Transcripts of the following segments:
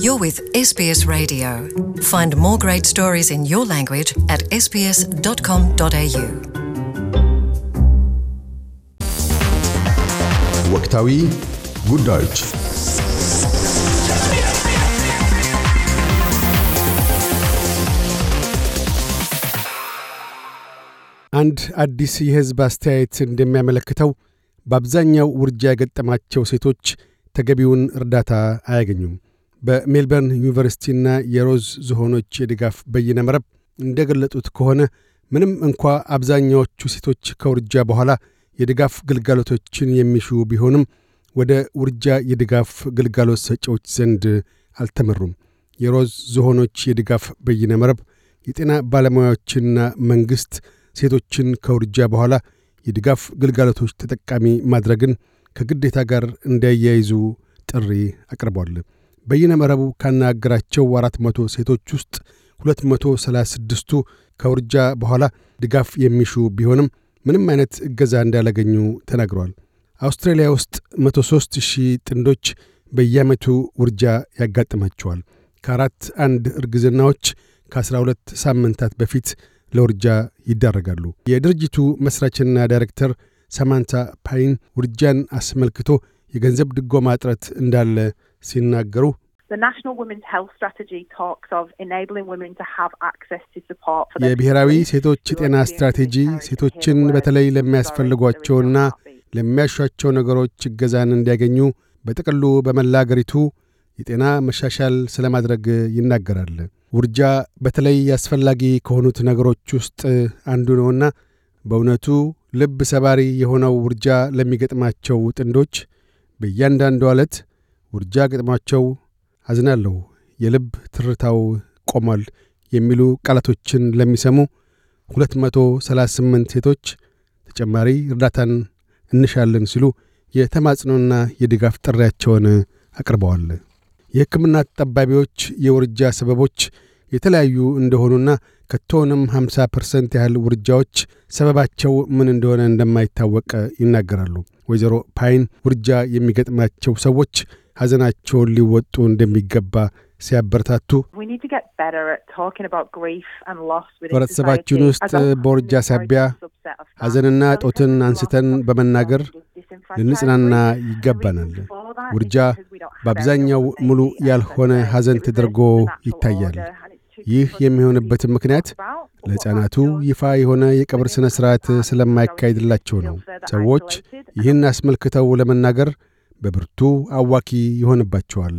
You're with SBS Radio. Find more great stories in your language at sbs.com.au. ወቅታዊ ጉዳዮች አንድ አዲስ የሕዝብ አስተያየት እንደሚያመለክተው በአብዛኛው ውርጃ የገጠማቸው ሴቶች ተገቢውን እርዳታ አያገኙም። በሜልበርን ዩኒቨርሲቲና የሮዝ ዝሆኖች የድጋፍ በይነ መረብ እንደ ገለጡት ከሆነ ምንም እንኳ አብዛኛዎቹ ሴቶች ከውርጃ በኋላ የድጋፍ ግልጋሎቶችን የሚሹ ቢሆንም ወደ ውርጃ የድጋፍ ግልጋሎት ሰጪዎች ዘንድ አልተመሩም። የሮዝ ዝሆኖች የድጋፍ በይነ መረብ የጤና ባለሙያዎችና መንግሥት ሴቶችን ከውርጃ በኋላ የድጋፍ ግልጋሎቶች ተጠቃሚ ማድረግን ከግዴታ ጋር እንዲያያይዙ ጥሪ አቅርቧል። በይነ መረቡ ካናገራቸው 400 ሴቶች ውስጥ 236ቱ ከውርጃ በኋላ ድጋፍ የሚሹ ቢሆንም ምንም አይነት እገዛ እንዳላገኙ ተናግረዋል። አውስትራሊያ ውስጥ 103 ሺህ ጥንዶች በየዓመቱ ውርጃ ያጋጥማቸዋል። ከአራት አንድ እርግዝናዎች ከ12 ሳምንታት በፊት ለውርጃ ይዳረጋሉ። የድርጅቱ መሥራችና ዳይሬክተር ሰማንታ ፓይን ውርጃን አስመልክቶ የገንዘብ ድጎማ ጥረት እንዳለ ሲናገሩ የብሔራዊ ሴቶች ጤና ስትራቴጂ ሴቶችን በተለይ ለሚያስፈልጓቸውና ለሚያሻቸው ነገሮች እገዛን እንዲያገኙ በጥቅሉ በመላ አገሪቱ የጤና መሻሻል ስለማድረግ ይናገራል። ውርጃ በተለይ አስፈላጊ ከሆኑት ነገሮች ውስጥ አንዱ ነውና በእውነቱ ልብ ሰባሪ የሆነው ውርጃ ለሚገጥማቸው ጥንዶች በእያንዳንዱ ዕለት ውርጃ ገጥሟቸው አዝናለሁ፣ የልብ ትርታው ቆሟል የሚሉ ቃላቶችን ለሚሰሙ 238 ሴቶች ተጨማሪ እርዳታን እንሻለን ሲሉ የተማጽኖና የድጋፍ ጥሪያቸውን አቅርበዋል። የሕክምና ጠባቢዎች የውርጃ ሰበቦች የተለያዩ እንደሆኑና ከቶንም 50 ፐርሰንት ያህል ውርጃዎች ሰበባቸው ምን እንደሆነ እንደማይታወቅ ይናገራሉ። ወይዘሮ ፓይን ውርጃ የሚገጥማቸው ሰዎች ሐዘናቸውን ሊወጡ እንደሚገባ ሲያበረታቱ ህብረተሰባችን ውስጥ በውርጃ ሳቢያ ሐዘንና እጦትን አንስተን በመናገር ልንጽናና ይገባናል። ውርጃ በአብዛኛው ሙሉ ያልሆነ ሐዘን ተደርጎ ይታያል። ይህ የሚሆንበትም ምክንያት ለሕፃናቱ ይፋ የሆነ የቀብር ሥነ ሥርዓት ስለማይካሄድላቸው ነው። ሰዎች ይህን አስመልክተው ለመናገር በብርቱ አዋኪ ይሆንባቸዋል።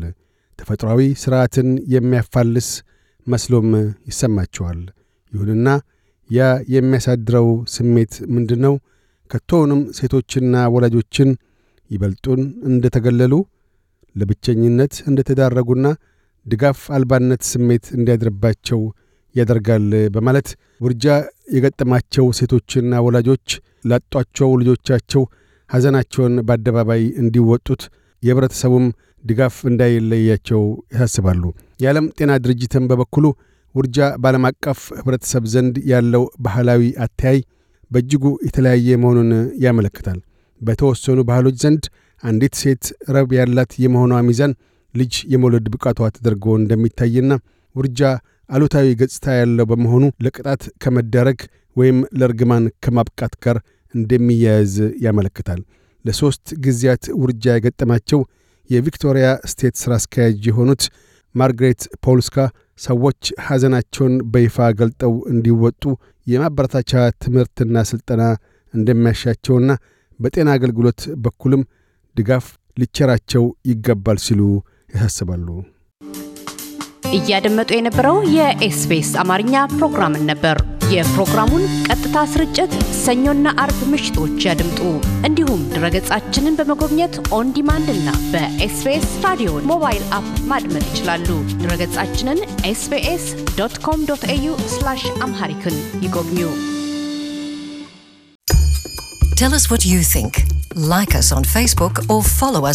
ተፈጥሯዊ ሥርዓትን የሚያፋልስ መስሎም ይሰማቸዋል። ይሁንና ያ የሚያሳድረው ስሜት ምንድን ነው? ከቶውንም ሴቶችና ወላጆችን ይበልጡን እንደ ተገለሉ ለብቸኝነት እንደ ተዳረጉና ድጋፍ አልባነት ስሜት እንዲያድርባቸው ያደርጋል በማለት ውርጃ የገጠማቸው ሴቶችና ወላጆች ላጧቸው ልጆቻቸው ሐዘናቸውን በአደባባይ እንዲወጡት የህብረተሰቡም ድጋፍ እንዳይለያቸው ያሳስባሉ። የዓለም ጤና ድርጅትም በበኩሉ ውርጃ በዓለም አቀፍ ህብረተሰብ ዘንድ ያለው ባህላዊ አተያይ በእጅጉ የተለያየ መሆኑን ያመለክታል። በተወሰኑ ባህሎች ዘንድ አንዲት ሴት ረብ ያላት የመሆኗ ሚዛን ልጅ የመውለድ ብቃቷ ተደርጎ እንደሚታይና ውርጃ አሉታዊ ገጽታ ያለው በመሆኑ ለቅጣት ከመዳረግ ወይም ለእርግማን ከማብቃት ጋር እንደሚያያዝ ያመለክታል። ለሦስት ጊዜያት ውርጃ የገጠማቸው የቪክቶሪያ ስቴት ሥራ አስኪያጅ የሆኑት ማርግሬት ፖልስካ ሰዎች ሐዘናቸውን በይፋ ገልጠው እንዲወጡ የማበረታቻ ትምህርትና ሥልጠና እንደሚያሻቸውና በጤና አገልግሎት በኩልም ድጋፍ ሊቸራቸው ይገባል ሲሉ ያሳስባሉ። እያደመጡ የነበረው የኤስቢኤስ አማርኛ ፕሮግራምን ነበር። የፕሮግራሙን ቀጥታ ስርጭት ሰኞና አርብ ምሽቶች ያድምጡ። እንዲሁም ድረገጻችንን በመጎብኘት ኦን ዲማንድ እና በኤስቤስ ራዲዮ ሞባይል አፕ ማድመጥ ይችላሉ። ድረገጻችንን ኤስቤስ ዶት ኮም ዶት ኤዩ አምሃሪክን ይጎብኙ። Tell us what you think. Like us on Facebook or follow